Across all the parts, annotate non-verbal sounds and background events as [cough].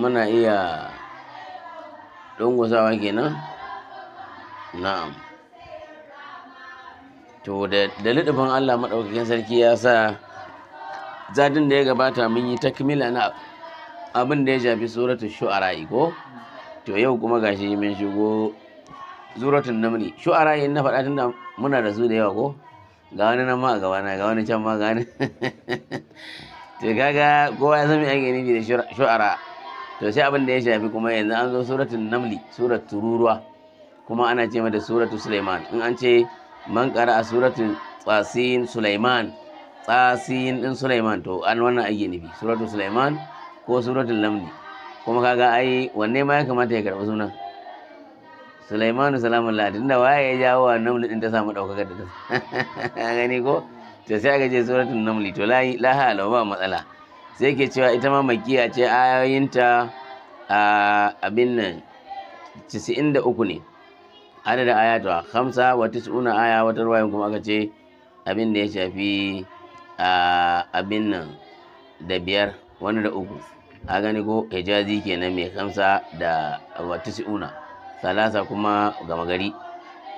muna iya dunguzawa kenan na'am to da liɗifin Allah maɗaukakin sarki ya sa zadin da ya gabata mun yi takmila na abin da ya shafi suratu shu'ara ko to yau kuma gashi mun shigo suratun namni shu'ara yin na faɗa tunda muna da su da yawa ko ga wani nan ma a wani na ga wani can ma ga wani [laughs] to kaga kowa ya san me ake nufi da shu'ara to sai abin da ya shafi kuma yanzu an zo suratun namli surat tururuwa kuma ana ce mata suratu Suleiman, in an ce man a suratun tsasiyin Suleiman, tsasiyin din Suleiman, to an wannan ake nufi suratu Suleiman ko suratun namli kuma kaga ai wanne ma ya kamata ya karɓi sunan suleiman salamun ladin da waye ya jawo wa namli din ta samu ɗaukakar da ta [laughs] gani ko to sai aka ce suratun namli to la hala ba matsala sai ke cewa ita ma makiya ce ayoyinta a abin nan 93 ne adadin ayatuwa hamsa wa tis'una aya wata ruwayin kuma aka ce abin da ya shafi abin nan da biyar wani da uku a gani ko hijazi kenan mai hamsa da wa tis'una salasa kuma gama gari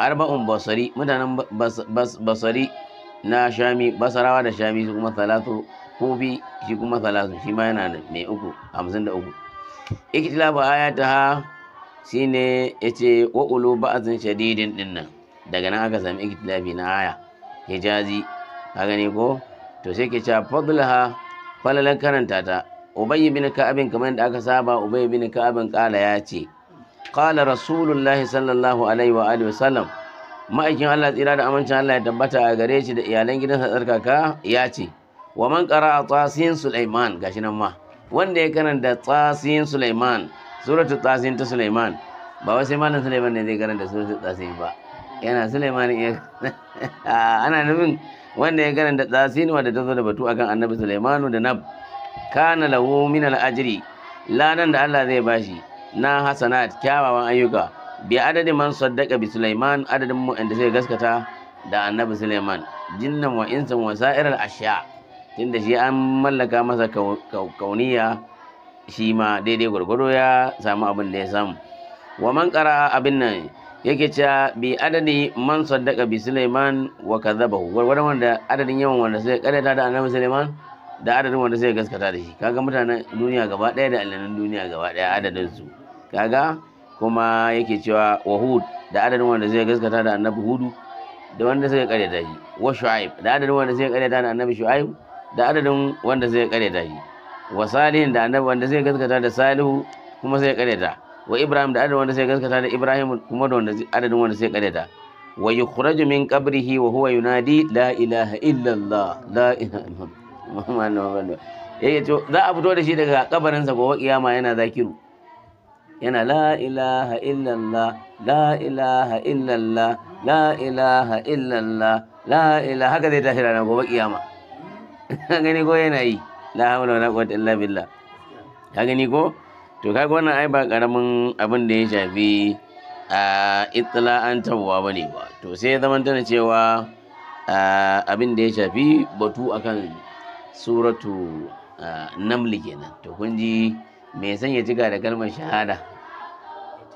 arba'un basari mutanen basari na shami basarawa da shami su kuma salatu kubi shi kuma salasu shi ma yana mai uku hamsin da uku ikhtilafu ayataha shine yace wa ulu ba'zin shadidin dinnan daga nan aka sami ikhtilafi na aya hijazi ka gani ko to sai ke cewa ha falalan karanta ta ubayy bin ka'abin kamar yadda aka saba ubayy bin ka'abin kala ya ce kala rasulullahi sallallahu alaihi wa alihi wasallam ma'aikin Allah tsira da amincin Allah ya tabbata a gare shi da iyalan gidansa tsarkaka ya ce wa man a tasin sulaiman ga nan ma wanda ya karanta tsasin sulaiman suratul tsasin ta sulaiman ba wasu malam sulaiman ne zai karanta suratul tsasin ba yana sulaiman ya [laughs] ah, ana nufin wanda ya karanta tsasin wanda ta zo da batu akan annabi sulaimanu da nab kana lahu min al-ajri ladan da Allah zai bashi na hasanat kyawawan ayyuka bi adadin man saddaka bi Sulaiman adadin mu da sai gaskata da Annabi Sulaiman jinnan wa insan wa sa'iral ashya tunda shi an mallaka masa kauniya shi ma daidai gwargwado ya samu abin da ya samu wa man qara abin nan yake cewa bi adadi man saddaka bi Sulaiman wa kadhabahu gwargwadon wanda adadin yawan wanda sai karanta da Annabi Sulaiman da adadin wanda sai gaskata da shi kaga mutanen duniya gaba daya da allanan duniya gaba daya adadin su kaga kuma yake cewa wa Hud da adadin wanda sai gaskata da Annabi Hudu da wanda sai karanta shi wa Shu'aib da adadin wanda sai karanta da Annabi Shu'aib da adadin wanda zai karyata shi wa salihin da annabi wanda zai gaskata da salihu kuma zai karyata wa ibrahim da adadin wanda zai gaskata da ibrahim kuma da wanda adadin wanda zai karyata wa yukhraju min qabrihi wa huwa yunadi la ilaha illa allah la ilaha [laughs] za a fito da shi daga kabarinsa gobe kiyama yana zakiru yana la ilaha illallah la ilaha illallah la ilaha illallah la ilaha haka zai tashi ranar gobe kiyama ka gani ko yana yi la hawla wala quwwata illa billah ka gani ko to kaga wannan ai ba karamin abin da ya shafi a an tawwa bane ba to sai zaman tana cewa abin da ya shafi batu akan suratu namli kenan to kun ji me san ya jiga da kalmar shahada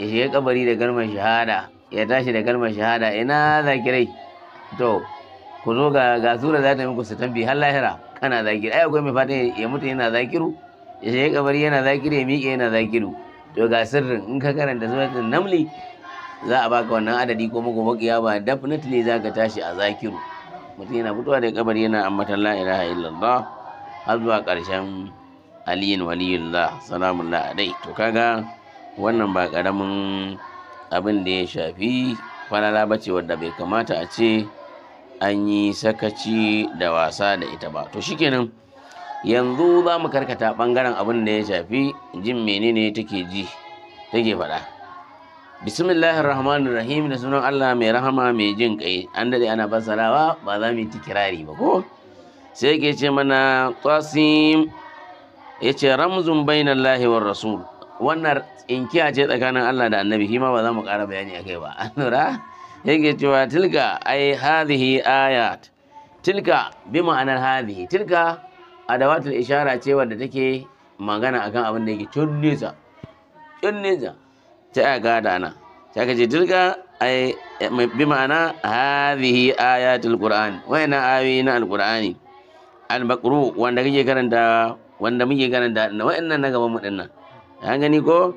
ya shiga kabari da kalmar shahada ya tashi da kalmar shahada ina zakirai to ku zo ga ga sura za ta yi muku su tambi har lahira kana zakiru ai akwai mai fatan ya mutu yana zakiru ya shi kabari yana zakiru ya miƙe yana zakiru to ga sirrin in ka karanta suratul namli za a baka wannan adadi ko muku bakiya ba definitely za ka tashi a zakiru mutum yana fitowa da kabari yana ambatan la ilaha illallah har zuwa ƙarshen aliyin waliyullah salamullah alai to kaga wannan ba karamin abin da ya shafi falala bace wadda bai kamata a ce an yi sakaci da wasa da ita ba to shikenan yanzu za mu karkata bangaren abin da ya shafi jin menene take ji take faɗa bismillahir rahmanir rahim da sunan Allah mai rahama mai jin kai an dade ana fassarawa ba za mu yi kirari ba ko sai ke ce mana qasim yace ramzun bainallahi war rasul wannan inkiya ce tsakanin Allah da annabi shi ba za mu kara bayani akai ba [laughs] an lura yake cewa tilka ai hadhihi ayat tilka bi ma'anar hadhihi tilka adawatul ishara ce wanda take magana akan abin da yake cin nesa nesa ta ga gada nan? ta kace tilka ai bi ma'ana hadhihi ayatul qur'an wayna ayoyi na alqur'ani al-baqru wanda kake karanta wanda muke karanta wayannan na gaban mu dinnan an gani ko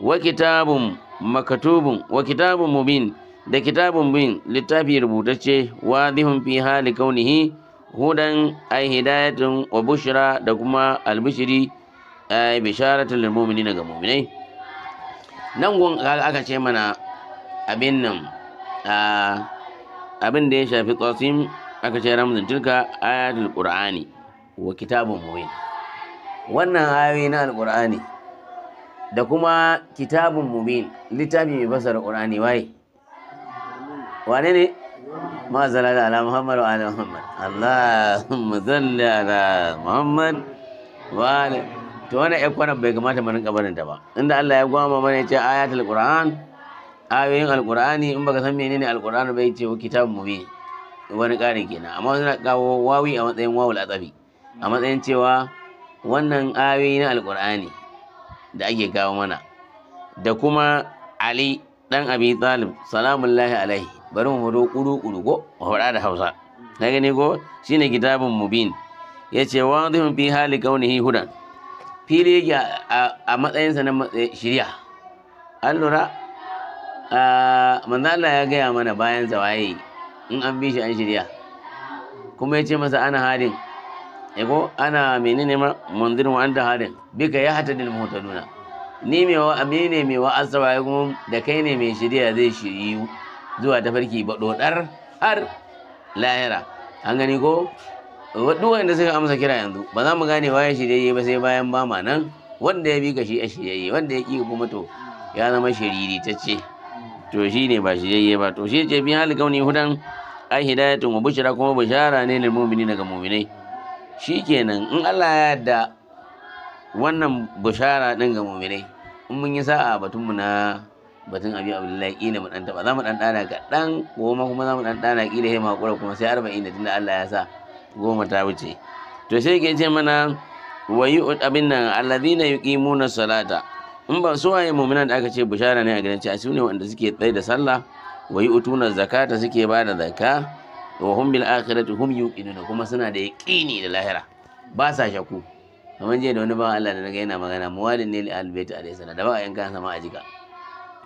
wa kitabun makatubun wa kitabun mubin da kitabun bin littafi rubutacce wadihun fi hali kaunihi hudan ai hidayatun wa bushra da kuma albishiri ai bisharatul lil mu'minina ga mu'minai nan gun aka ce mana abin nan abin da ya shafi qasim aka ce ramzin tilka ayatul qur'ani wa kitabun mubin wannan ayoyi na alqur'ani da kuma kitabun mubin littafi mai fasara qur'ani waye wane ne ma da ala muhammad wa ala muhammad allahumma zalli ala muhammad wa ala to wannan ƴan kwanan bai kamata mu rinka barin ta ba inda Allah ya gwama mana ya ce ayatul qur'an ayoyin alqur'ani in baka san menene alqur'ani bai ce wa kitabun mubin wani ƙari kenan amma na kawo wawi a matsayin wawul azabi a matsayin cewa wannan ayoyi na alqur'ani da ake kawo mana da kuma ali dan abi talib salamullahi alaihi bari mu faɗo ƙuru-ƙuru ko hura da hausa na gani ko shine kitabun mubin ya ce wa zihun fi hali kaunihi hudan fili yake a matsayinsa na eh, shirya an lura manzala ya gaya mana bayan zawaye in an bi shi an shirya kuma ya ce masa ana hadin ko ana menene ma munzirin wa anta hadin bika ya hata dil muhtaduna ni mai wa amene mai wa asawa kuma da kai ne mai shirya zai shiryu zuwa tafarki ba dodar har lahira an gani ko duk wanda suka amsa kira yanzu ba za mu gane waye shiryayye ba sai bayan ba ma nan wanda ya bi ka shi a shiryayye wanda ya ki kuma to ya zama shiriri ta ce to shi ne ba shiryayye ba to shi ce bi hali kauni hudan ai hidayatun wa bushra kuma bushara ne lil mu'minina ga mu'minai shikenan in Allah ya yarda wannan bushara din ga mu'minai in mun yi sa'a batunmu na batun abi abdullahi kila mu dan taba za mu dan dana ga dan goma kuma za mu dan dana kila sai makura kuma sai da tunda Allah ya sa goma ta wuce to sai ke ce mana wayu abin nan alladhina yuqimuna salata in ba su waye mu'minan da aka ce bushara ne a gidan ci su ne wanda suke tsaye da sallah wayu utuna zakata suke ba da zakka wa hum bil akhirati hum yuqinuna kuma suna da yaqini da lahira ba sa shakku kamar jiya da wani bawan Allah da naga yana magana muwalin ne li albayt alayhi da ba a yanka sama a jika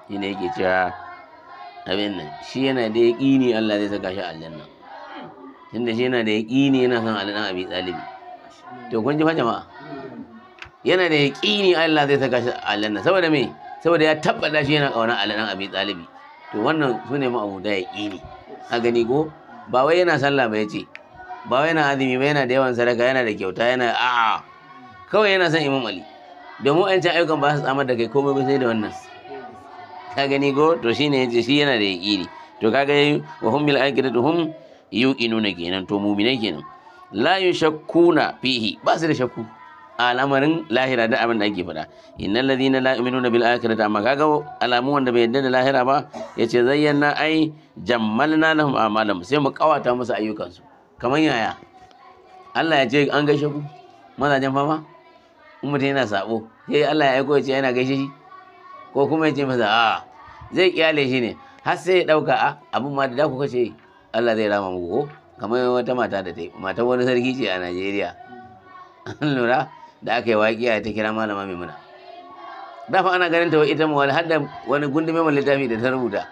shi ne yake cewa abin nan shi yana da ne Allah zai saka shi aljanna tunda shi yana da ne yana son aljanna abi tsalibi to kun ji fa jama'a yana da ne Allah zai saka shi aljanna saboda me saboda ya tabbata shi yana ƙaunar aljanna abi tsalibi to wannan su ne ma'abuda ne. a gani ko ba wai yana sallah ba ya ce ba wai yana azumi ba yana da yawan sadaka yana da kyauta yana a'a kawai yana son imam ali domin an can ayyukan ba su tsamar da kai komai ba sai da wannan ka gani ko to shine yace shi yana da yaqini to kaga yayi wa hum bil akhirati hum yuqinuna kenan to mu'minai kenan la yashakkuna fihi ba su da shakku a al'amarin lahira da abin da ake faɗa innal ladina la yu'minuna bil akhirati amma kaga alamu wanda bai yarda da lahira ba yace zayyana ai jammalna lahum a'malam sai mu kawata musu ayyukansu kamar yaya Allah ya ce an gaishe ku mazajen fama in mutum yana sabo sai Allah ya aiko ya ce yana gaishe shi ko kuma ya ce masa a zai kyale shi ne har sai ya ɗauka a abin ma da kuka ce Allah zai rama muku ko kamar wata mata da ta yi wani sarki ce a Najeriya an lura da aka yi waƙiya ta kira malama muna da fa ana ganin ta ita mu wani hadda wani gundume mai littafi da ta rubuta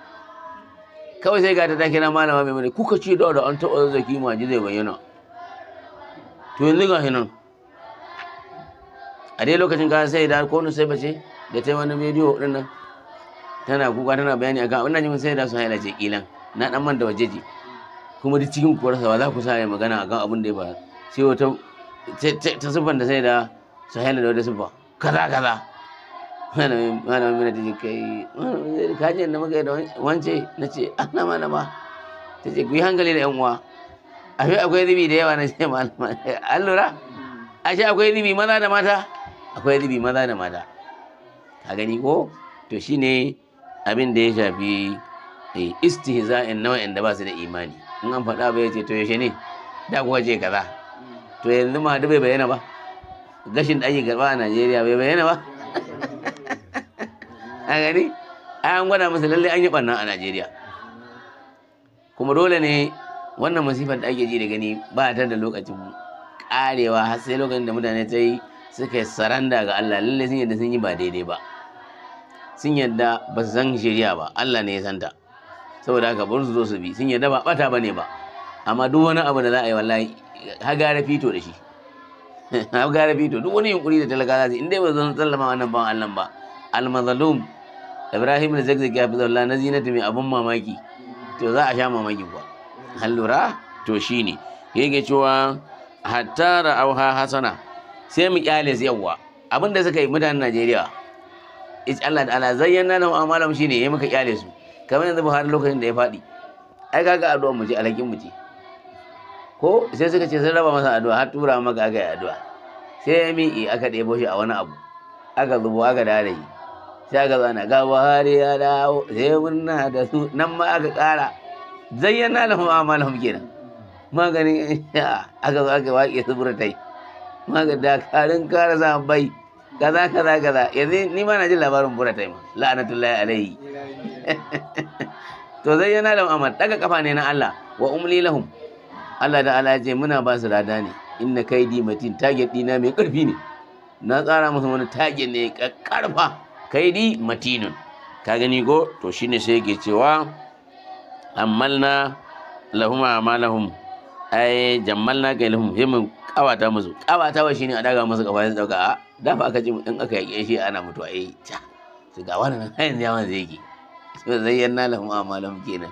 kawai sai gata ta kira malama muna kuka ce da an taɓa zaki ji zai bayyana to yanzu ga hinan a dai lokacin ka sai da ko sai bace da ta wani bidiyo din tana kuka tana bayani akan wannan jimin sai da su haila ce kilan na dan man da wajeji kuma duk cikin kuwarsa ba za ku sa ya magana akan abin da ya ba sai wata ta siffan da sai da su haila da wata siffa kaza kaza malamin mana ta ce kai kaji da muka yi da wance na ce ana malama ta ce ku yi hankali da yan uwa ashe akwai zubi da yawa na ce malama an lura ce akwai zubi maza da mata akwai zubi maza da mata a gani ko to shine abin da ya shafi eh, istihza'in nau'in da ba su da imani in an faɗa ba ya ce to yaushe ne da kuwa ce kaza to yanzu ma da bai bayyana ba gashin da ake karba a Najeriya bai bayyana ba [laughs] a gani an gwada masa lallai an yi ɓanna a Najeriya kuma dole ne wannan masifar da ake ji da gani ba ta da lokacin karewa har sai lokacin da mutane ta yi suka yi saranda ga Allah lallai sun yadda sun yi ba daidai ba sun yadda ba su san shari'a ba Allah ne ya santa saboda haka bar su zo su bi sun yadda ba bata bane ba amma duk wani abu da za a yi wallahi hagara fito da shi [laughs] hagara fito duk wani yunkuri da talaka za su in dai ba zan sallama wannan ban Allah ba al-mazlum Ibrahim da Zakzaki ya fi zalla na zinata mai abun mamaki to za a sha mamaki kuwa an to shine yake cewa hatta ra'auha hasana sai mu kyale su yawwa abin da suka yi mutanen Najeriya Allah da ala zayyana lahum amalam shine ya maka kyale su kamar yanzu Buhari lokacin da ya faɗi ai kaga addu'a mu ce alhakin mu ce ko sai suka ce sun raba masa addu'a har tura maka aka yi addu'a sai ya miƙe aka ɗebo shi a wani abu aka zubo aka dare shi sai aka zana ga Buhari ya dawo sai murna da su nan ma aka ƙara zayyana lahum mu kenan maganin [laughs] aka zo aka waƙe su burtai maganin ƙara kare bai. kaza kaza kaza yanzu ni ma na jin labarin bura taima la'anatullahi alaihi [laughs] to zai yana da amal daga kafa ne na Allah wa umli lahum Allah da Allah ce muna ba su rada ne inna kaidi matin target dina mai karfi ne na tsara musu wani target ne ka karfa kaidi matinun ka gani ko to shine sai yake cewa ammalna lahum amalahum ai jammalna kai lahum sai mun kawata musu Kawata wa shine a daga musu kafa sai dauka da ba aka ji in aka yaƙe shi ana mutuwa yi ta su ga wani nan hanyar yawan zai Su so zayyana lahum malam kenan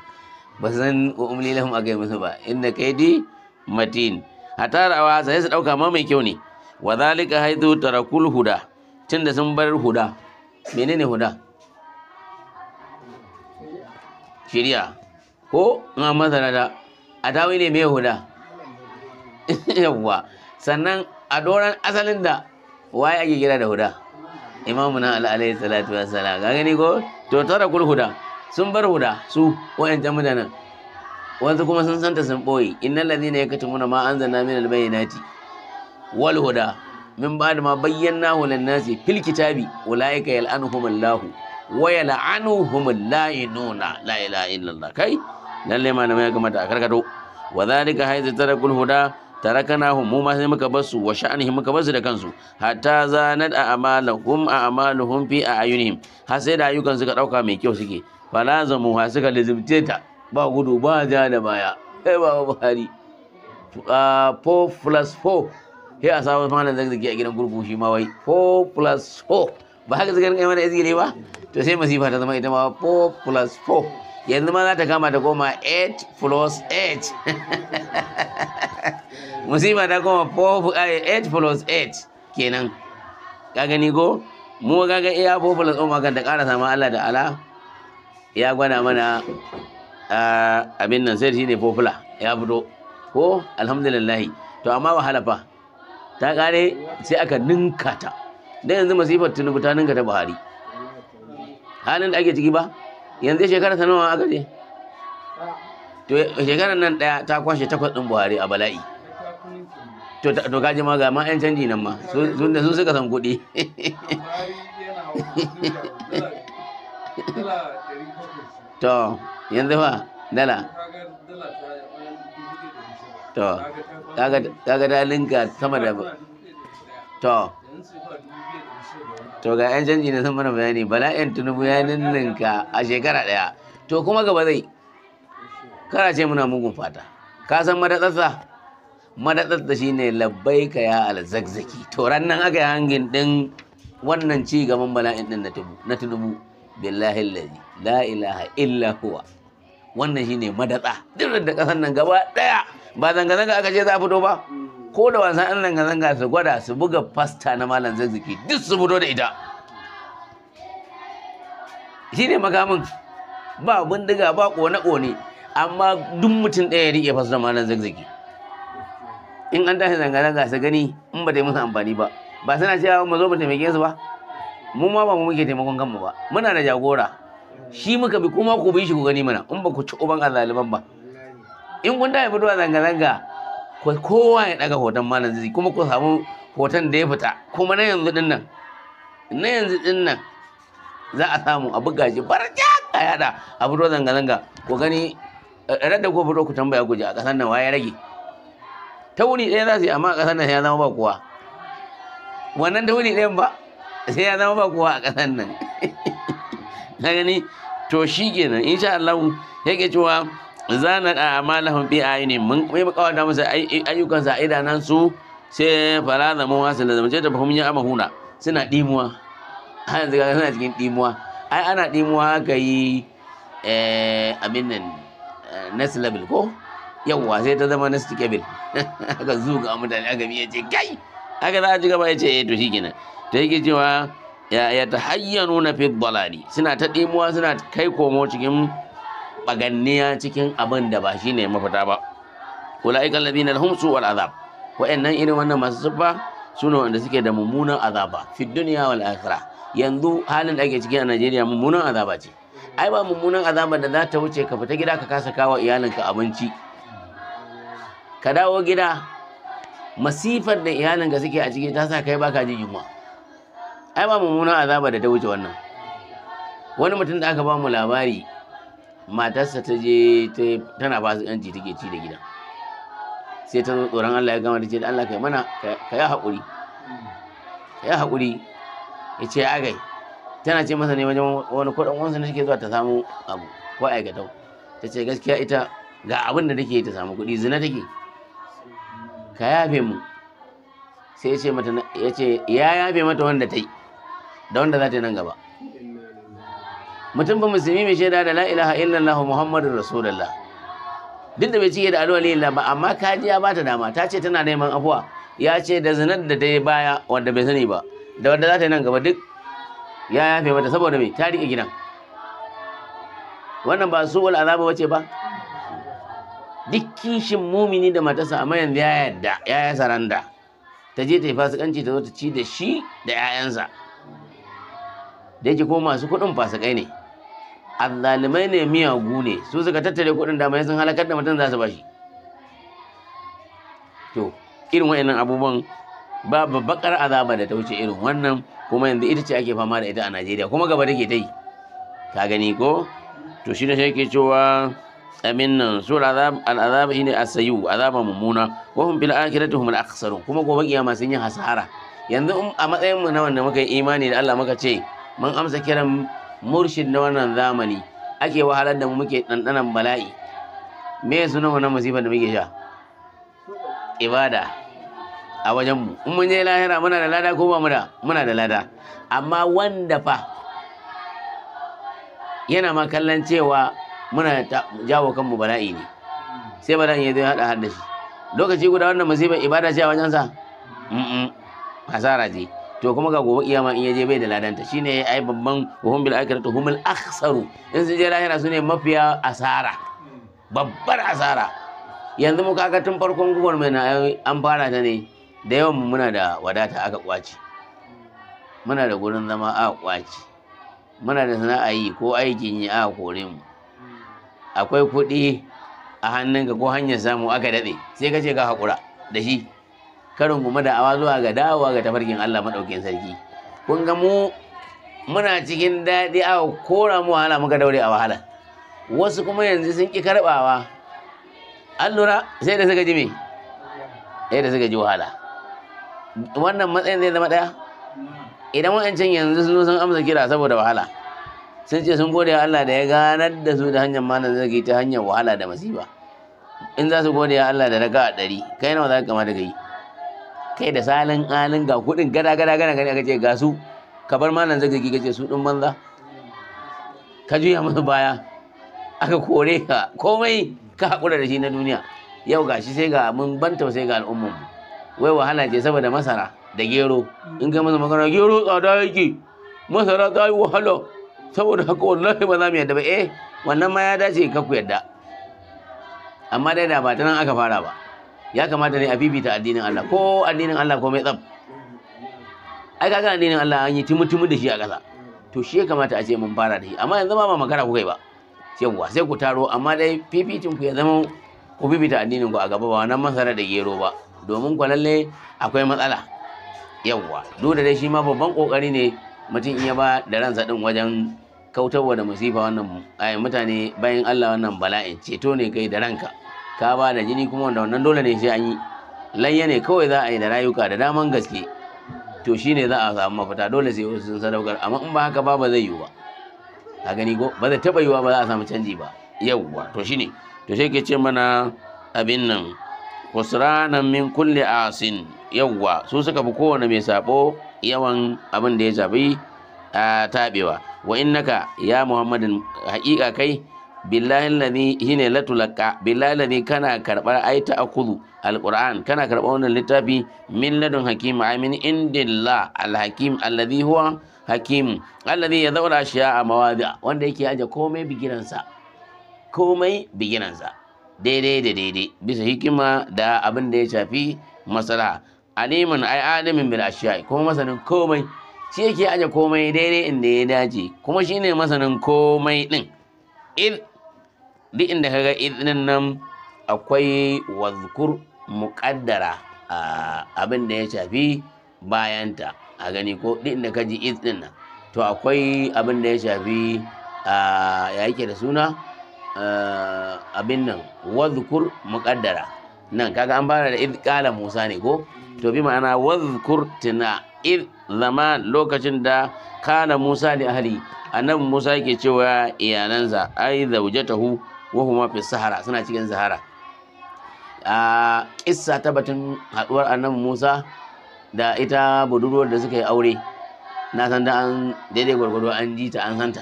ba su san wa umli lahum aka yi musu ba kai di matin A tarawa, sai su ɗauka ma mai kyau ne wa zalika haidu tarakul huda da sun bar huda menene huda Shirya. ko ma masana da dawi ne mai huda [laughs] yawwa sannan a doron asalin da waye ake kira da huda imamu na alaihi salatu sala ga gani ko to tara kul huda sun bar huda su ta mutanen wanzu kuma sun santa sun boye innal ladhina yakatumuna ma anzalna min albayinati wal huda min bada ma bayyana lin nasi fil kitabi ulaika yal'anuhum Allah wa yal'anuhum la'inuna la ilaha illallah kai lalle na ya kamata a karkato wa dhalika haizu tarakul huda tarakanahu mu ma sai muka basu wa sha'anihi muka basu da kansu hatta zanat a amalahum a amaluhum fi a ayunihim har sai da ayyukan suka dauka mai kyau suke falazamu ha suka lizibte ta ba gudu ba ja da baya kai ba buhari 4 plus 4 sai a samu zan zakzaki a gidan gurgu shi ma wai 4 plus 4 ba haka zakarin kai mana izgire ba to sai masifa ta zama ita ma 4 plus 4 yanzu ma za ta kama ta goma 8 plus 8 [laughs] musiba ta koma 8 eh, plus 8 kenan ka gani ko mu ga iya 4 plus 8 magan da ƙara sama Allah da ala ya gwada mana ah, abin nan sai shine fofula ya fito ko alhamdulillah to amma wahala fa ta kare sai aka ninkata. dan yanzu masifar tunubu ta ninkata Buhari halin da ake ciki ba yanzu shekara ta nawa aka je to shekarar nan daya ta kwashe takwas din Buhari a bala'i to kaje ma ga ma 'yan canji nan ma sun da sun suka san kuɗi [laughs] to yanzu fa dala to kaga ta linka sama da to to ga 'yan canji na sun mana bayani bala'in tunubu ya ninninka a shekara ɗaya to kuma gaba zai kara ce muna mugun fata ka san madatsatsa madadar da shi ne labbai ka ya alzakzaki to nan aka yi hangin ɗin wannan ci gaban bala'in ɗin na tunubu billahi lalli la ilaha illa huwa wannan shi ne madatsa duk da kasan nan gaba ɗaya ba zanga-zanga aka ce za a fito ba ko da wasan an zanga-zanga su gwada su buga fasta na malam zazzaki duk su fito da ita shine makamin ba bindiga ba kone-kone amma duk mutum ɗaya ya riƙe fasta malam zazzaki in an tashi zanga-zanga su gani in ba ta yi musu amfani ba ba suna cewa mu zo mu taimake su ba mu ma ba mu muke taimakon kanmu ba muna da jagora shi muka bi kuma ku bi shi ku gani mana in ba ku ci uban azaliman ba in kun tashi fitowa zanga-zanga kowa ya daga hoton malam zizi kuma ku samu hoton da ya fita kuma na yanzu din nan na yanzu din nan za a samu a buga shi barja a yada a fito zanga-zanga ku gani eh, rada ko fito ku tambaya ku je a ƙasar nan waye rage ta wuni ɗaya za su yi amma a ƙasar nan ya zama ba kowa wannan ta wuni ɗayan ba sai ya zama ba kowa a ƙasar nan na [laughs] gani to shi kenan insha Allah yake cewa zana a malahun bi ayini mun mai kawata musu ayyukansa a idanan su sai fara zama wasu da zamance da fahimci a amahuna suna ɗimuwa har yanzu ga suna cikin ɗimuwa ai ana ɗimuwa ka yi eh, abin nan eh, next level ko yawwa sai ta zama nasti kebil [laughs] aka zuga mutane aka biya ce kai aka za a ci gaba ya ce eh, to shi gina. ta yake cewa ya ta hayyano na fi Balari? suna ta ɗimuwa suna kai komo cikin baganniya cikin abin da ba shi ne mafita ba ula'ika alladhina lahum wal azab wa'annan irin wannan masu siffa ne wanda suke da mummunan azaba fi duniya wal akhirah yanzu halin da ake ciki a Najeriya mummunan azaba ce ai ba mummunan azaba da za ta wuce ka fita gida ka kasa kawo iyalinka abinci ka dawo gida masifar da ka suke a ciki ta sa kai baka jin yunwa ai ba mummunan azaba da ta wuce wannan wani mutum da aka ba mu labari matarsa ta je tana fasikanci take ci da gida. sai ta zo tsoron Allah ya gama da ce da Allah kai mana ka yi haƙuri ka yi haƙuri ya ce ya gai tana ce masa ne wajen wani kuɗin wansa na suke zuwa ta samu abu ko aikatau ta ce gaskiya ita ga abin da take ta samu kuɗi zina take ka yafe mu sai ya ce mata ya ce ya yafe mata wanda ta yi da wanda za ta yi nan gaba mutum ba musulmi mai shaida da la ilaha illallah Muhammadu rasulullah duk da bai cike da alwali illa ba amma kajiya ba ta dama ta ce tana neman afuwa ya ce da zinar da ta yi baya wanda bai sani ba da wanda za ta yi nan gaba duk ya yafe mata saboda mai ta riƙe gidan wannan ba su wal azaba wace ba duk kishin mumini da matarsa amma yanzu ya yadda ya yi saranda ta je ta yi fasikanci ta zo ta ci da shi da 'ya'yansa da yake ko masu kuɗin fasikai ne azzalimai ne miyagu ne su suka tattare kuɗin da mai sun halakar da mutum za su bashi to irin wa'annan abubuwan babu bakar azaba da ta wuce irin wannan kuma yanzu ita ce ake fama da ita a Najeriya kuma gaba take ta yi ka gani ko to shi da shi ke cewa amin nan sura al'azab a sayu azaba mummuna wa bil akhirati al akhsarun kuma gobe kiyama sun yi hasara yanzu a matsayin mu na wanda muka yi imani da Allah muka ce mun amsa kiran murshid na wannan zamani ake wahalar da mu muke dandanan bala'i me sunan wannan musibar da muke sha ibada a wajen mu in mun je lahira muna da lada ko ba mu da muna da lada amma wanda fa yana ma kallon cewa muna jawo kanmu bala'i ne sai bala'in ya zai hada hada shi lokaci guda wannan musibar ibada ce a wajensa hasara ce to kuma ga gobe ma in yaje bai da ladanta shine ai babban wahum bil akhiratu humul akhsaru in sun je lahira sune mafiya asara babbar asara yanzu mu kaga tun farkon gubar mai na an fara ta ne da yawan muna da wadata aka kwaci muna da gurin zama aka kwaci muna da sana'a yi ko aikin yi aka kore mu akwai kuɗi a hannunka ko hanyar samu aka daɗe sai ka ce ka haƙura da shi karin kuma da awa zuwa ga dawowa ga tafarkin Allah maɗaukin sarki kun ga mu muna cikin daɗi a kora mu wahala muka daure a wahala wasu kuma yanzu sun ƙi karɓawa an lura sai da suka ji me sai da suka ji wahala wannan matsayin zai zama ɗaya idan wa'ancan yanzu sun amsa kira saboda wahala sun ce sun gode Allah da ya ganar da su da hanyar malam zaki ta hanyar wahala da masifa in za su gode Allah da raka a ɗari kai nawa za ka kama da yi kai da salin alin ga kuɗin gada gada gada gani aka ce ga su ka bar mana zaki ka ce su ɗin banza ka juya musu baya aka kore ka komai ka haƙura da shi na duniya yau ga shi sai ga mun banta sai ga al'ummun. wai wahala ce saboda masara da gero in kai masa magana gero tsada yake masara ta yi wahala saboda haka wallahi ba za mu yadda ba eh wannan ma ya dace ka ku yadda amma dai da ba ta nan aka fara ba ya kamata ne a bibita addinin Allah ko addinin Allah ko mai tsab ai kaga addinin Allah an yi timutumu da shi a ƙasa to shi ya kamata a ce mun fara da shi amma yanzu ba makara kuka yi ba yawwa sai ku taro amma dai fifitin ku ya zama ku bibita addinin ku a gaba ba wannan masara da gero ba domin ku lalle akwai matsala yawwa dole da dai shi ma babban kokari ne mutum iya ba da ransa din wajen kautarwa da masifa wannan ai mutane bayan Allah wannan bala'in ceto ne kai da ranka ka ba da jini kuma wanda wannan dole ne sai an yi layya ne kawai za a yi da rayuka da daman gaske to shine za a samu mafita dole sai wasu sun sadaukar amma in ba haka ba ba zai yiwu ba a gani ko ba zai taɓa yiwuwa ba za a samu canji ba yawwa to shine to sai ke ce mana abin nan kusranan min kulli asin yawwa su suka fi kowane mai sabo yawan abin da ya zabi taɓewa wa innaka ya muhammadin haƙiƙa kai billahin lani hine latulaka billahin lani kana aita ai kudu alquran kana karɓar wannan littafi min ladun hakim amin indillah alhakim alladhi huwa hakim alladhi yadhura shi'a mawadi wanda yake aje komai bigiransa komai bigiransa daidai da daidai bisa hikima da abin da ya shafi masala aliman ai adamin bil ashiya kuma masanin komai shi yake aje komai daidai inda ya dace kuma shine masanin komai din id duk inda kaga id nan akwai wazkur muqaddara abin da ya shafi bayanta a gani ko duk inda kaji id nan to akwai abin da ya shafi ya yake da suna abin nan wazkur muqaddara nan kaga an fara da id kala musa ne ko to bi ma'ana wazkur tuna id zama lokacin da kana Musa li ahli annabi Musa yake cewa iyalansa ai zaujatahu wa huma fi sahara suna cikin sahara a kissa ta batun haduwar annabi Musa da ita budurwar da suka yi aure na san da an daidai gwargwado an ji ta an santa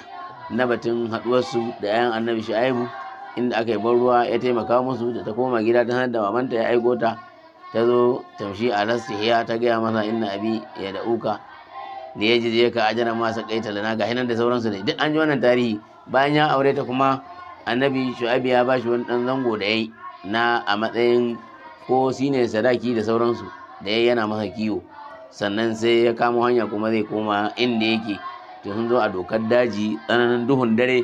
na batun su da yan annabi Shu'aibu inda aka yi ban ruwa ya taimaka musu da ta koma gida ta sanar da mamanta ya aiko ta ta zo a a nastihiya ta gaya masa inna abi ya da uka da ya jije ka ajana masa kaita lana ga hinan da sauransu ne duk an ji wannan tarihi bayan ya aure ta kuma annabi shu'abi ya bashi wani dan zango da yayi na a matsayin ko shine sadaki da sauransu da yayi yana masa kiwo sannan sai ya kama hanya kuma zai koma inda yake to sun zo a dokar daji tsananin duhun dare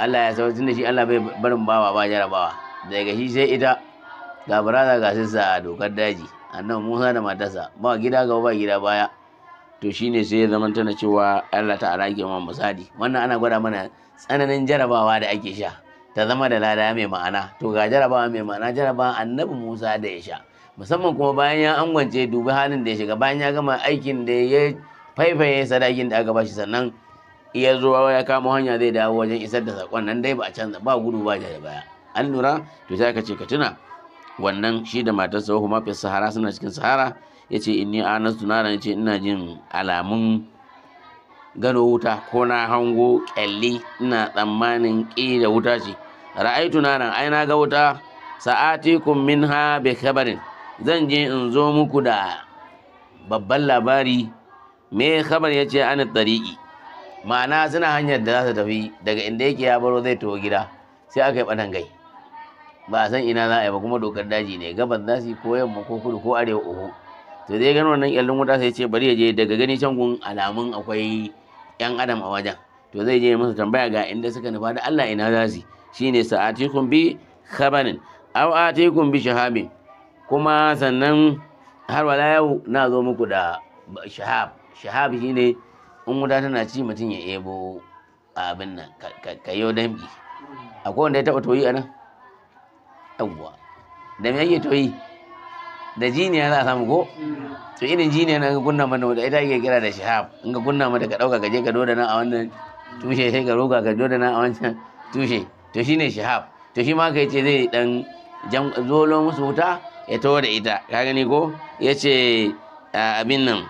Allah ya sauka da shi Allah bai barin bawa ba jarabawa daga shi sai ita ga barasa ga sinsa a dokar daji annan Musa da matarsa ba gida gaba ba gida baya to shine sai ya zama tana cewa Allah ta ke mu musadi wannan ana gwada mana tsananin jarabawa da ake sha ta zama da lada mai ma'ana to ga jarabawa mai ma'ana jaraba annabi Musa da ya sha musamman kuma bayan ya angwance dubi halin da ya shiga bayan ya gama aikin da ya faifaye sadakin da aka bashi sannan iya zuwa ya kama hanya zai dawo wajen isar da sakon nan dai ba a canza ba gudu ba jarabaya. an lura to sai ka ce ka tuna wannan shi da matarsa wa kuma fi sahara suna cikin sahara ya ce inni nan suna ya ce ina jin alamun gano wuta ko na hango kyalli ina tsammanin ƙi da wuta ce ra'aitu nan ai na ga wuta min minha bai kabarin zan je in zo muku da babban labari me kabar ya ce ana tsari'i ma'ana suna hanyar da za su tafi daga inda yake ya baro zai taho gida sai aka yi ɓatan gai ba a san ina za a yi ba kuma dokar daji ne gabas za su yi ko yamma ko kudu ko arewa uku to zai gano wannan kyallin wuta sai ce bari ya je daga gani can alamun akwai yan adam a wajen to zai je masa tambaya ga inda suka nufa da Allah ina za su shine sa'atikum bi khabarin aw atikum bi shahabin kuma sannan har wala yau na zo muku da shahab shahab shine in wuta tana ci mutum ya ebo abin nan ka damki akwai wanda ya taba toyi a yawwa da me ake toyi da jiniya za a samu ko to irin jiniya na ga kunna mana da ita yake kira da shahab in ga kunna mata ka dauka ka je ka doda nan a wannan tushe sai ka roka ka doda nan a wancan tushe to shine shahab to shi ma kai ce zai dan zolo musu wuta ya to da ita ka gani ko ya ce abin nan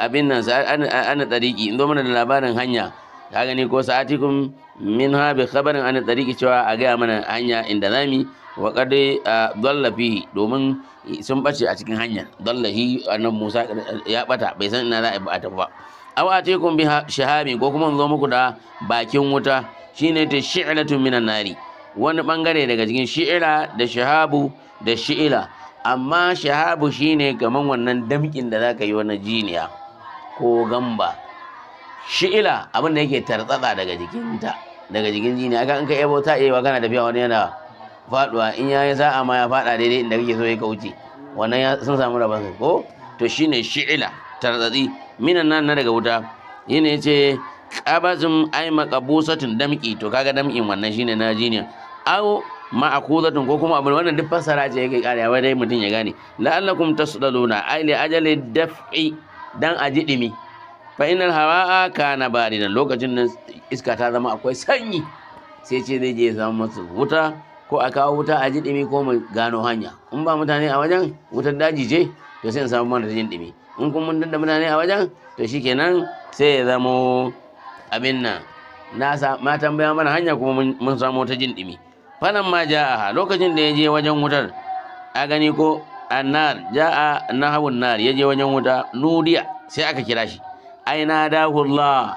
abin nan ana tsariki in zo mana da labarin hanya ka gani ko sa'atikum min ha bi khabarin an tariki cewa a gaya mana hanya inda zami wa qad eh, dallafi domin sun bace a cikin hanya dallahi annab Musa ya bata bai san ina za a tafi ba aw atikum bi shahami ko kuma zo muku da bakin wuta shine ta shi'latun minan nari wani bangare daga cikin shi'ira da shahabu da shi'ila amma shahabu shine kaman wannan damkin da zaka yi wa jiniya ko gamba shi'ila abin da yake tartsatsa daga jikinta daga jikin jini aka in ka yabo ta iya kana tafiya wani yana faduwa in ya yi sa'a ma ya fada daidai inda kake so ya kauce wannan sun samu rabon ko to shine shi'ila tarzatsi minan nan na daga wuta yene yace qabazum ay maqbusatun dam'i to kaga damƙin wannan shine na jiniya aw ma'akuzatun ko kuma abin wannan duk fassara ce yake kare wai dai mutum ya gane la'allakum tasdaluna ay li ajali daf'i dan aji fa ka na bari baridan lokacin nan iska ta zama akwai sanyi sai ce zai je ya samu masu wuta ko a kawo wuta a ji dimi ko mu gano hanya in ba mutane a wajen wutar daji ce to sai in samu mana jin dimi in kuma mun da mutane a wajen to shikenan sai ya zamo abin nan na sa ma tambaya mana hanya kuma mun samu ta jin dimi fanan ma a lokacin da ya je wajen wutar a gani ko annar a nahawun nar ya je wajen wuta nudiya sai aka kira shi aina dahullah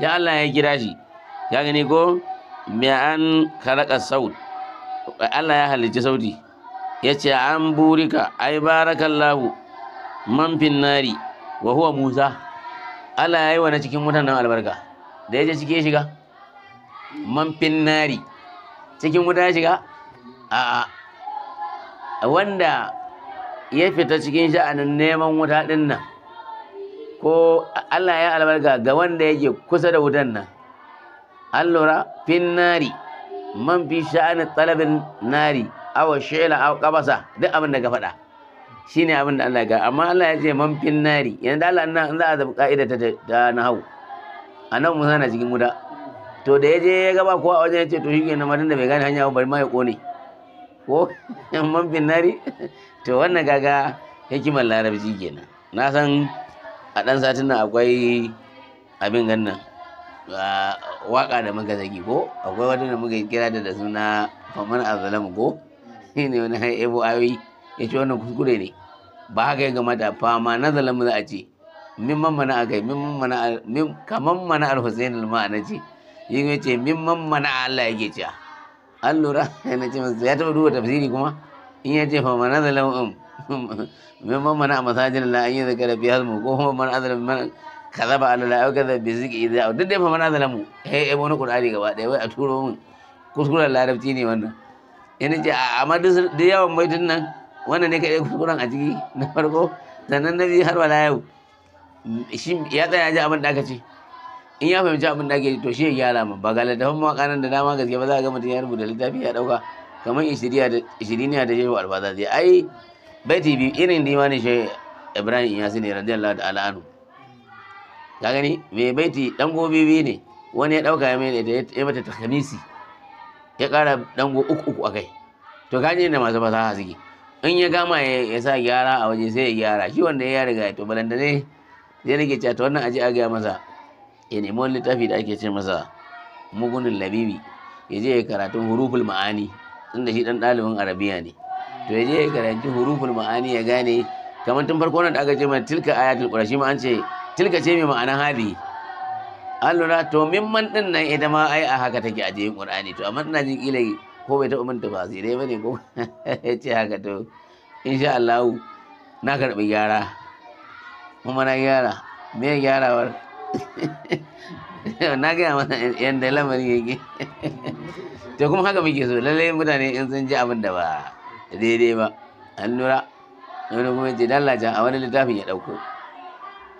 sai Allah ya kira shi ya gani ko me an karaka saut Allah ya halicci sauti ce an burika ai barakallahu man fin nari wa huwa Musa Allah ya yi wa na cikin wutan nan albarka da ya ce cike shiga man fin nari cikin wuta ya shiga a'a wanda ya fita cikin sha'anin neman wuta din nan ko Allah ya albarka ga wanda yake kusa da wutan nan an lura fin man fi sha'ani talabin nari awa shi'la aw qabasa duk abin da ka faɗa shine abin da Allah ya amma Allah ya ce man fin nari yanzu Allah nan za a zabi ka'ida ta ta nahawu anan mu sana cikin wuta to da ya je ya gaba kowa a wajen ya ce to shi kenan madan da bai gane hanya ba bari ma ya kone ko [laughs] man fin nari [laughs] to wannan gaga hikimar larabci kenan na san a ɗan satin nan akwai abin gannan waƙa da muka zagi ko akwai wata da muka kira da da suna faman azalam ko shi ne wani har ebo ayoyi ya ce wannan kuskure ne ba haka ya gamata fama na zalam za a ce min man mana akai min man mana min kaman mana al-husain na maana ce yin ya ce min man mana Allah yake cewa an lura ya [laughs] ce ya taɓa duba tafsiri kuma in ya ce fama na azalam um, um, mimman mana a masajin la an yi zakara fi hazmu ko kuma man azlam man kazaba ala la kaza bi zikri idza duk dai fa man mu. eh eh wani qur'ani gaba daya wai a turo mun kuskuren larabci ne wannan in ce amma duk yawan baitin nan wannan ne kai kuskuren a ciki na farko sannan na biyu har wala yau shi ya tsaya ji abin da aka ce in ya fahimci abin da ake to shi ya gyara ma ba ga littafin mawakanan da dama gaske ba za ka ga mutum ya rubuta littafi ya dauka kamar ishiriniya da shehu albaza zai ai baiti biyu irin da imanin shi ibrahim ya ne radiyallahu ta'ala anhu ka gani mai baiti dan gobe biyu ne wani ya dauka ya mai da ya mata takhamisi ya kara dango uku uku akai to ka da masu fasaha suke in ya gama ya sa gyara a waje sai ya gyara shi wanda ya riga to balanda ne zai rike cewa wannan aji a gaya masa ya nemi wani littafi da ake ce masa mugunin labibi ya je ya karatun huruful ma'ani tunda shi dan ɗalibin arabiya ne to ya je ya karanci huruful ma'ani ya gane kamar tun farko nan da aka ce mai tilka ayatul qurashi ma an ce tilka ce mai ma'ana hadi Allura, to to mimman din nan ita ma ai a haka take a jikin qur'ani to amma ina jin kila ko bai taɓa min tafasirai ba ne ko [laughs] ya ce haka to insha Allah na karɓi gyara kuma na gyara me gyarawar [laughs] na gaya mana yadda lamarin yake [laughs] to kuma haka muke so lallai mutane in sun ji abin da ba daidai ba an lura wani kuma ce dalla a wani littafin ya ɗauko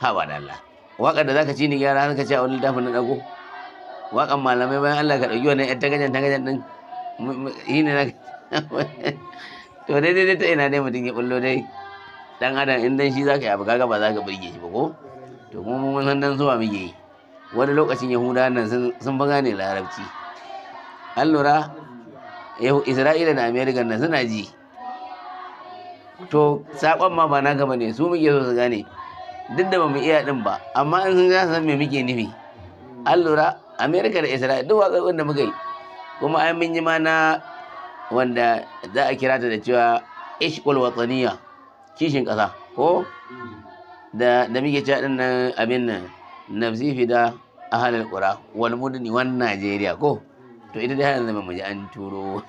ha ba dalla waƙar da zaka ci ni gyara har ka ce a wani littafin na ɗauko waƙar malamai bayan Allah ka ɗauki wannan ƴan tagajen tagajen ɗin shi ne na [laughs] to dai dai ta ina dai mutum ya ɓullo dai dan adam in dan shi zaka yi abu kaga ba zaka burge shi ba ko to kuma mun san dan zuwa muke yi wani lokacin yahuda nan sun fi gane larabci an lura yau isra'ila da america na suna ji to sakon ma ba gaba ne su muke so su gane duk da ba mu iya din ba amma in sun san me muke nufi an lura america da isra'ila duk waƙoƙin da muka yi kuma ai mun yi na wanda za a kira ta da cewa ishkul wataniya kishin ƙasa ko da da muke cewa din nan abin nan nafsi fida ahalul qura wal mudni wan najeriya ko to ita dai yanzu mu ji an turo [laughs]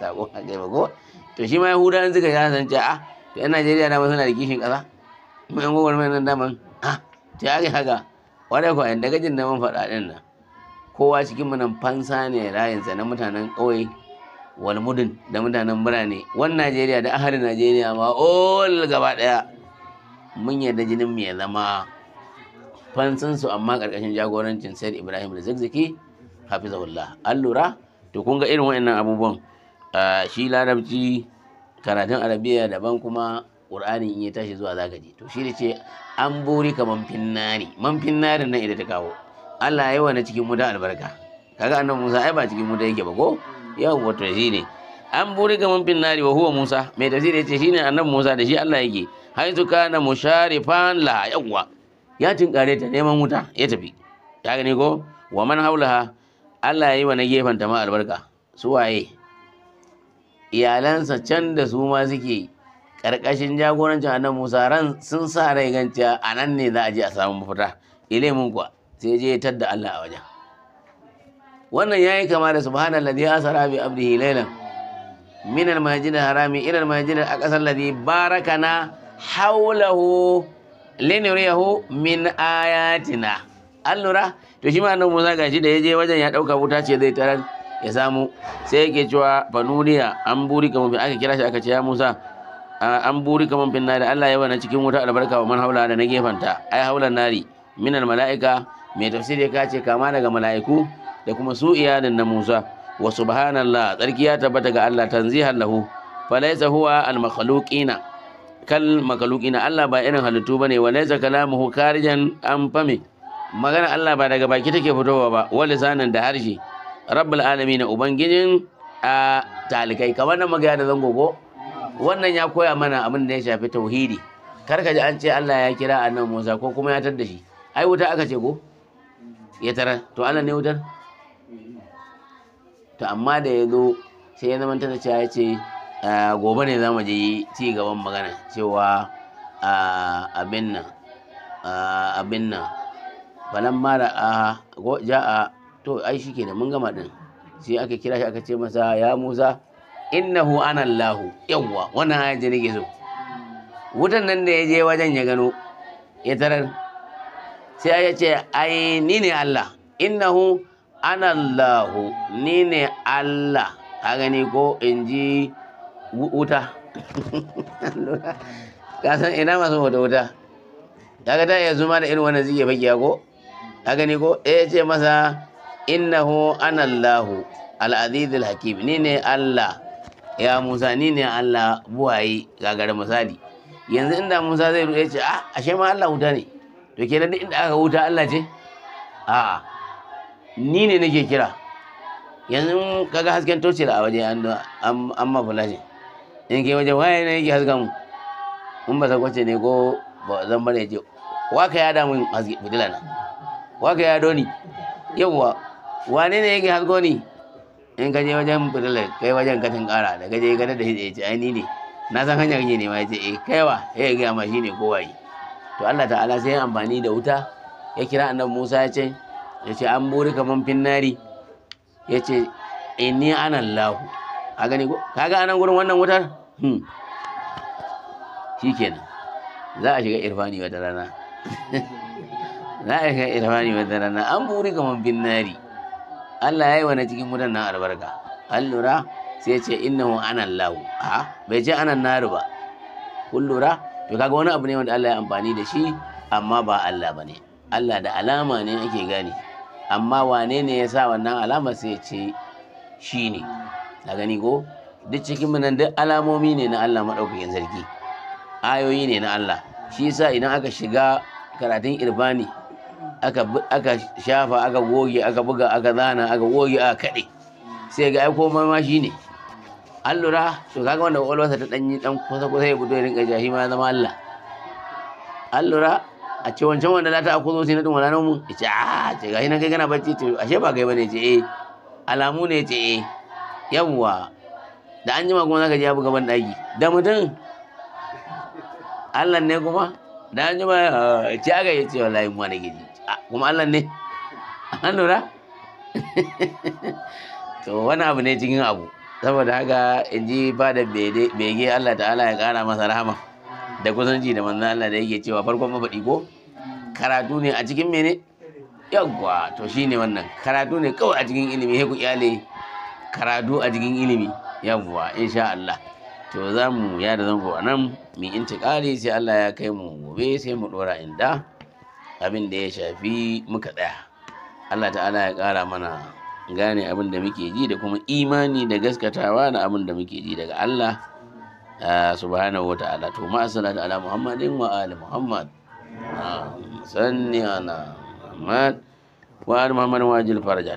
sako a kai ba ko to shi ma yahuda an zika shana a ah, to yan najeriya dama suna da kishin kasa kuma yan mai nan daman a to ya haka wadda kuwa yan dagajin na man faɗa ɗin nan kowa cikin nan fansa ne sa na mutanen ƙauye walmudin da mutanen birane wan najeriya da ahalin najeriya ma all gaba ɗaya mun yarda jinin mu ya zama fansansu amma ƙarƙashin jagorancin sayar ibrahim da zakzaki hafizahullah an lura to kun ga irin wa'annan abubuwan shi larabci karatun arabiya daban kuma ƙur'anin in ya tashi zuwa zagaji to shi ne ce an buri ka manfin nari manfin narin nan idan ta kawo Allah ya wani cikin muda albarka kaga annabi Musa ai ba cikin muda yake ba ko yau wato shi ne an buri ka manfin nari wa huwa Musa mai tafsiri yace shine annabi Musa da shi Allah yake haizu kana musharifan la yawwa ya tinkare ta neman wuta ya tafi ya gani ko wa man haulaha Allah ya yi wa na gefen ta ma albarka su waye iyalansa can da su ma suke karkashin jagorancin annan musa ran sun sa rai ganciya a nan ne za a je a samu mafita mun kuwa sai je ya tadda Allah a wajen wannan yayi kama da subhanallazi asara bi abdihi laylan min al-masjid harami ila al-masjid al-aqsa alladhi barakana hawlahu linuriyahu min ayatina allura to shi ma annabi Musa shi da ya je wajen ya dauka wuta ce zai tarar ya samu sai yake cewa fanuniya an buri kamar bin aka kira shi aka ce ya Musa an buri kamar bin nari Allah ya bana cikin wuta albarka wa man haula da na gefanta ai haulan nari minal mala'ika mai tafsiri ya kace kama daga mala'iku da kuma su iyalin na Musa wa subhanallah tsarki ya tabbata ga Allah tanzihan lahu falaysa huwa al makhluqina kal makhluqina Allah ba irin halittu bane wa laysa kalamuhu karijan an fami magana Allah ba daga baki take fitowa ba wani zanen da harshe rabbul alamin ubangijin a talikai kamar wannan magana da zango ko wannan ya koya mana abin da ya shafi tauhidi kar ka ji an ce Allah ya kira annabi Musa ko kuma ya tarda shi ai wuta aka ce ko ya tara to Allah ne wutar to amma da ya zo sai ya zamanta da ya ce gobe ne za mu je ci gaban magana cewa abin nan abin nan falan mara a ja'a to ai shi kenan mun gama din sai aka kira shi aka ce masa ya musa innahu ana allah yawwa wannan haya ce nake so wutan nan da ya je wajen ya gano ya tarar sai ya ce ai ni ne allah innahu ana allah ni ne allah ka gani ko in ji wuta [laughs] ka san ina masu wuta wuta ga ta ya zuma da irin wannan zai iya bakiya ko Ka gani ko ya eh, ce masa innahu anallahu al-azizul hakim ni ne Allah ya Musa ni ne Allah buwaye gagar misali yanzu inda Musa zai ruɗe ce ah ashe ma Allah wuta ne to kenan nan inda aka wuta Allah ce a'a ni ne nake kira yanzu kaga hasken toci da a waje an ma fula ce in ke waje waye ne yake haska mu in ba kwace ne ko ba zan bane ce waka ya damu haske fitila na waka ya doni yawwa wane ne yake hasko ni in ka je wajen fitila kai wajen katin kara da gaje gada da hitse eh, ce aini ne na san hanyar ne eh, ma ya ce eh kaiwa eh ga ma ne kowa yi to Allah ta'ala sai ya amfani da wuta ya kira annabi Musa ya ce ya ce an buri kaman finnari ya ce inni ana Allah a gani ko ga anan gurin wannan wutar hmm kenan za a shiga irfani wata rana [laughs] na aika irfani na an buri ga bin nari Allah ya yi wani cikin mudan nan albarka allura lura sai ya ce innahu anan lahu a bai ce anan nari ba kun lura to kaga wani abu ne wanda Allah ya amfani da shi amma ba Allah bane Allah da alama ne ake gane amma wane ne ya sa wannan alama sai ya ce shi ne na gani ko duk cikin nan duk alamomi ne na Allah maɗaukakin sarki ayoyi ne na Allah shi yasa idan aka shiga karatun irbani aka shafa aka goge aka buga aka zana aka goge aka kaɗe sai ga aiko komai ma shine an lura to kaga wanda kwakwalwarsa ta ɗanyi ɗan kusa kusa ya fito ya rinka jahi ma ya zama Allah an lura a ce wancan wanda za ta akuzo sai na ɗin wani mu ya ce a ce shi nan kai gana bacci to ashe ba kai bane ce eh alamu ne ce eh yawwa da an jima kuma ka je ya buga ban ɗaki da mutum Allah ne kuma da an jima ci eh, aka yi cewa layin wani gidi kuma Allah ne an lura [laughs] to wani abu ne cikin abu saboda haka in ji da bege Allah ta'ala ya kara masa rahama da kusanci da manzan Allah da yake cewa farkon mafaɗi ko karatu ne a cikin mene yawwa to shine wannan karatu ne kawai a cikin ilimi he ku iyale karatu a cikin ilimi yawwa insha Allah to za mu ya da zango a nan mu intikali sai Allah ya kai mu gobe sai mu dora inda abin da ya shafi muka daya Allah ta'ala ya ƙara mana gane abin da muke ji da kuma imani da gaskatawa da abin da muke ji daga Allah ah, subhanahu wa ta'ala to ma salatu ala muhammadin wa ali muhammad sanni ala muhammad wa ali muhammad wa ajil faraja